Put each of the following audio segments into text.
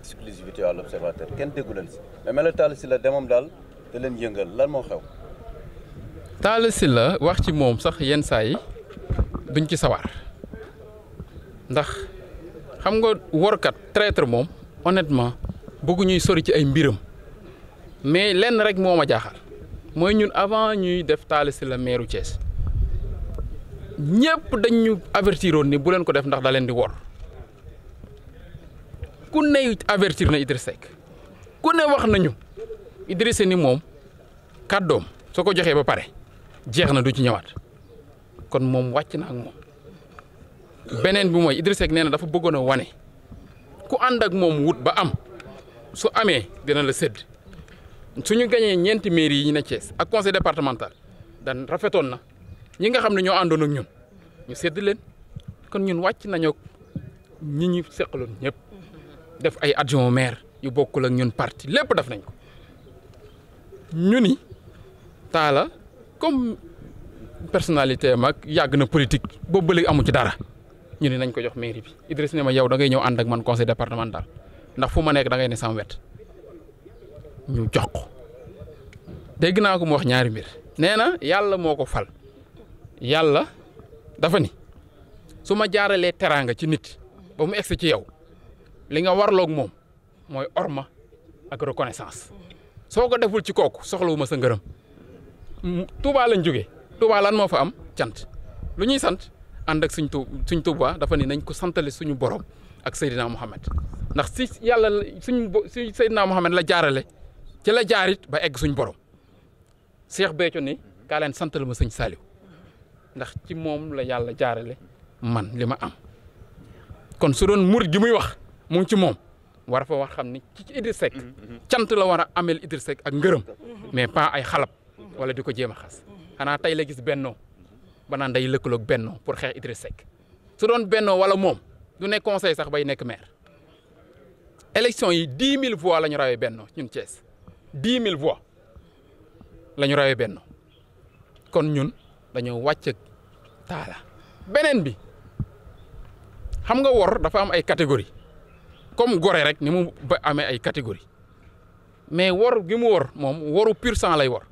exclusivité à l'observateur kenn déggu leen si mais Mel Talla Sylla demam daal da leen yëngal lan moo xew. Talla la wax ci moom sax yenn saay yi duñ ci sawar ndax xam nga workat traitre moom honnêtement bëggu ñuy sori ci ay mbiram mais lenn rek moo ma jaaxal mooy ñun avant ñuy def Talla la meeru Thiès ñëpp dañ ñu avertiroon ni bu leen ko def ndax daleen di wor. ku ne avertir na Idrissa Seck ku ne wax nañu Idrissa ni moom kàddoom soo ko joxee ba pare jeex na du ci ñëwaat kon moom wàcc na ak moom. beneen bi mooy Idrissa Seck nee na dafa bëggoon a wane ku ànd ak moom wut ba am su amee dina la sedd suñu gañee ñeenti mairie yi ñu ne Thiès ak conseil départemental dan rafetoon na ñi nga xam ne ñoo àndoon ak ñun ñu sedd leen kon ñun wàcc nañoo ñi ñu seqaloon ñëpp. def ay adjoint maire yu bokkul ak ñun parti lépp def nañ ko ñu ni taala comme personnalité mag yàgg na politique boobu ba léegi ci dara ñu ne nañ ko jox mairie bi Idriss ne ma yow da ngay ñëw ànd ak man conseil départemental ndax fu ma nekk dangay ngay ne sama ñu jox ko dégg naa ko mu wax ñaari mbir nee na yàlla moo ko fal yàlla dafa ni su ma jaaralee teraanga ci nit ba mu egsi ci yow. li nga warloog moom mooy orma ak reconnaissance soo ko deful ci kooku ma sa ngërëm Touba lañ jógee Touba lan moo fa am cant lu ñuy sant ànd ak suñ tu suñ Touba dafa ni nañ ko santale suñu borom ak Seydina Mohamed ndax si yàlla suñ si Seydina Mohamed la jaarale ci la jaarit ba egg suñu borom Cheikh Béthio ni kaa leen santal ma sëñ Saliou ndax ci moom la yàlla jaarale man li ma am kon su doon murit gi muy wax. mu ci moom war fa war xam ni ci Idriss Seck mm-hmm, mm-hmm. cant la war a amel Idriss Seck ak ngërëm mm-hmm. mais pas ay xalab wala di ko jéem a xas xanaa tey la gis benno ba naan day lëkkaloog bennoo pour xeex Idriss Seck su doon bennoo wala moom du nekk conseil sax bay nekk maire élection yi dix mille voix la ñu rawee bennoo ñun Thiès dix mille voix la ñu rawee kon ñun dañoo wàcc taala beneen bi xam nga wor dafa am ay catégorie comme gore rek ni mu ba amee ay catégorie mais wor gi mu wor moom waru pur sang lay wor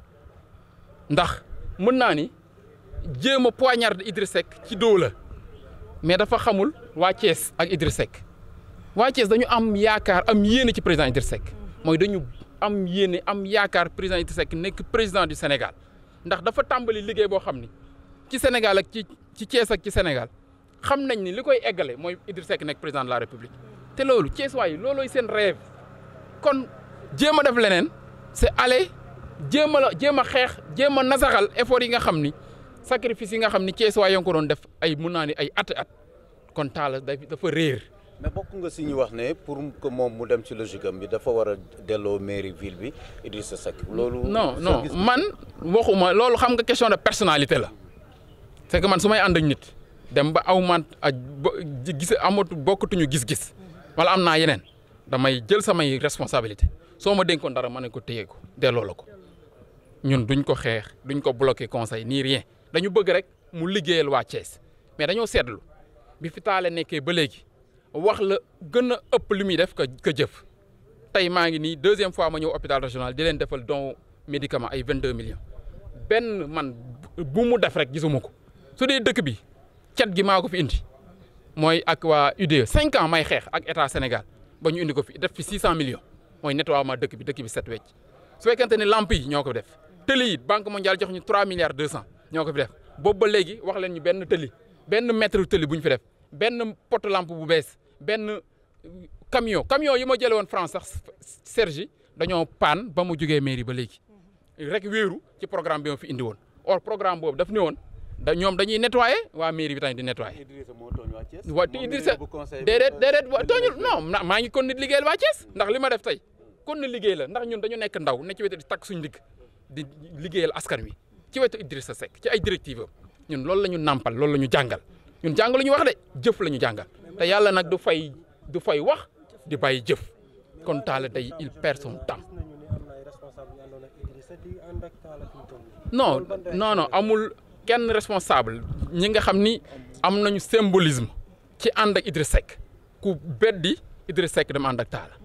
ndax mën naa ni jéem a poignarde Idriss Seck ci dóo la mais dafa xamul waa Thiès ak Idriss Seck waa Thiès dañu am yaakaar am yéene ci président Idriss mooy dañu am yéene am yaakaar président Idriss Seck nekk président du Sénégal ndax dafa tàmbali liggéey boo xam ni ci Sénégal ak ci ci Thiès ak ci Sénégal xam nañ ni li koy eggale mooy Idriss Seck nekk président de la République te loolu Thiessois yi loolooy seen rêve kon jéem a def leneen c'est aller jéem a la jéem a xeex jéem a nasaxal effort yi nga xam ni sacrifice yi nga xam ni Thiessois yi ko doon def ay mun naa ni ay at at kon Talla dafa réer. mais bokk nga si ñu wax ne pour que moom mu dem ci logique am bi dafa war a delloo mairie ville bi Idrissa Seck loolu. non non man waxuma loolu xam nga question de personnalité la c'est que man su may àndañ ak nit dem ba aw ma gis amatu bokkatuñu gis-gis. wala am naa yeneen damay jël samay responsabilité soo ma dénkoon dara ma ne ko téye ko delloo la ko ñun duñ ko xeex duñ ko bloqué conseil nii rien dañu bëgg rek mu liggéeyal waa cees mais dañoo seetlu bi fi taale nekkee ba léegi wax la gën a ëpp li muy def ka jëf tey maa ngi nii deuxième fois ma ñëw hôpital régional di leen defal don médicament ay vingt deux millions benn man bu mu def rek gisuma ko su dee dëkk bi cet gi maa ko fi indi mooy ak waa UDE cinq ans may xeex ak état Sénégal ba ñu indi ko fi def fi six cent millions mooy nettoiement dëkk bi dëkk bi set wecc su fekkente ne lamp yi ñoo ko def tëli yi banque jox ñu trois milliards deux cent ñoo ko fi def boobu ba léegi wax leen ñu benn tëli benn mètre tëli bu ñu fi def benn pot lampe bu bees benn camion camion yi ma jëlee woon France sax Sergi dañoo paan ba mu jugee mairie ba léegi rek wéeru ci programme bi ma fi indi woon or programme boobu daf ne woon da ñoom dañuy nettoyer waa mairie bi tamit di nettoyer. wa te Idrissa déedéet déedéet tooñul non maa ngi kon nit liggéeyal waa Thiès ndax li ma def tey kon na liggéey la ndax ñun dañu nekk ndaw ne ci wetu di takk suñu ndigg di liggéeyal askan wi ci wetu Idrissa Seck ci ay directive am ñun loolu la ñu nàmpal loolu la ñu jàngal ñun jàng lu ñu wax de jëf la ñu jàngal te yàlla nag du fay du fay wax di bàyyi jëf kon Talla day il perd son temps non non non amul kenn responsable ñi nga xam ni am nañu symbolisme ci ànd ak Idriss Seck ku beddi Idriss Seck dama ànd ak Talla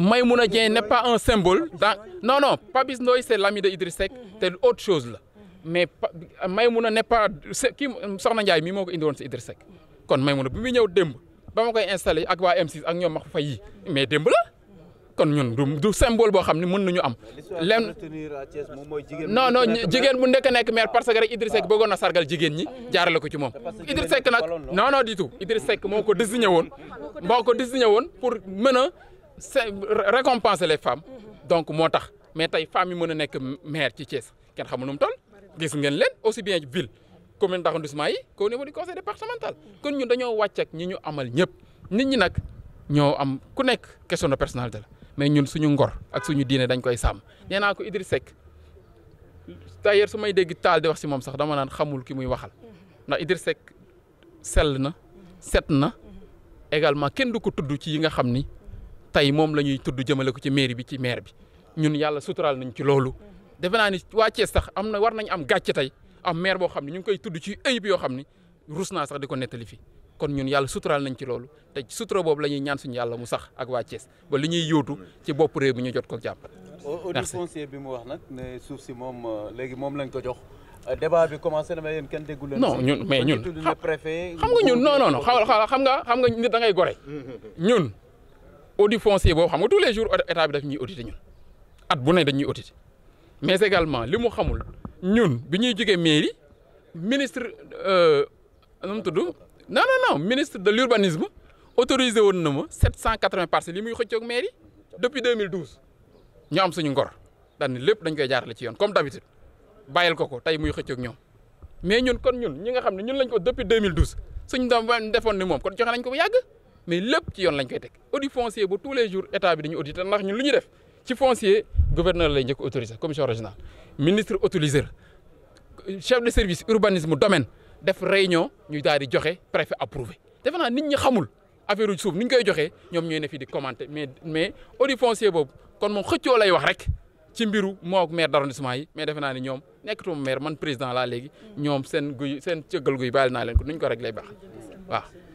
Maïmouna Dieng n'est pas un symbole dans non non Papis Ndoye se l'ami de Idriss Seck te autre chose la mais Maïmouna n'est pas kii Soxna Ndiaye mii moo ko indiwoon si Idriss Seck kon Maïmouna bi muy ñëw demb ba ma koy installé ak waa m ak ñoom ma fa yi mais démb la. kon ñun du du boo xam ne mën nañu am. lenn non non jigéen bu ndekk nekk maire parce que rek Idriss Seck bëggoon na sargal jigéen ñi jaarale ko ci moom. Idriss Seck nag non non du tout Idriss moo ko désigné woon moo ko désigné woon pour mën a récompenser les femmes donc moo tax mais tey femmes yi mën a nekk maire ci Thiès kenn xamu nu mu toll gis ngeen leen aussi bien ville commune d'arrondissement yi qu'au niveau du conseil départemental kon ñun dañoo wàcc ak ñi ñu amal ñëpp nit ñi nag ñoo am ku nekk question de la mais ñun suñu ngor ak suñu diine dañ koy sàmm nee naa ko Idriss Seck d'ailleurs su may dégg taal di wax si moom sax dama naan xamul ki muy waxal ndax Idriss Seck sell na set na également kenn du ko tudd ci yi nga xam ni tey moom la ñuy tudd jëmale ko ci mairie bi ci maire bi ñun yàlla suturaal nañ ci loolu. defe naa ni waa Thiès sax am na war nañ am gàcc tey am maire boo xam ne ñu ngi koy tudd ci ayib yoo xam ni rus naa sax di ko nettali fii. kon ñun yàlla suturaal nañ ci loolu te sutura boobu la ñuy ñaan suñu yàlla mu sax ak waa Thiès ba li ñuy yóotu ci bopp réew mi ñu jot ko jàpp. merci bi mu wax nag suuf si moom euh, léegi moom lañ ko jox. Euh, débat bi commencé na mais kenn déggul leen. non ñun mais ñun xam nga ñun non non non xam nga xam nga nit da ngay gore. ñun audit foncier boobu xam nga tous les jours état bi daf ñuy auditer ñun at bu ne dañuy auditer mais également li mu xamul ñun bi ñuy jógee mairie ministre euh, nu mu tudd. non non ministre de l'urbanisme autorisé woon na ma 780 parcelles yi muy xëccoog mairie depuis 2012 ñu am suñu ngor daan lépp dañ koy jaarale ci yoon comme d'habitude bàyyil ko ko tey muy xëccoog ñoom mais ñun kon ñun ñi nga xam ne ñun lañ ko depuis 2012 suñu doom defoon ni moom kon joxe nañ ko bu yàgg mais lépp ci yoon lañ koy teg audit foncier ba tous les jours état bi dañu auditer ndax ñun lu ñu def ci foncier gouverneur lay njëkk autorisé commission régionale ministre autoriseur chef de service urbanisme domaine. def rey réunion ñu daal di joxe préfet approuvé defe naa nit ñi xamul affaire suuf ni ñu koy joxee ñoom ñooy ne fii di commenter mais mais audit foncier boobu kon moom xëccoo lay wax rek ci mbiru moo ak maire d'arrondissement yi mais defe naa ni ñoom nekkatuma maire man président laa léegi ñoom seen guy seen cëggal guy bàyyi naa leen ko nuñ ko rek lay baax waaw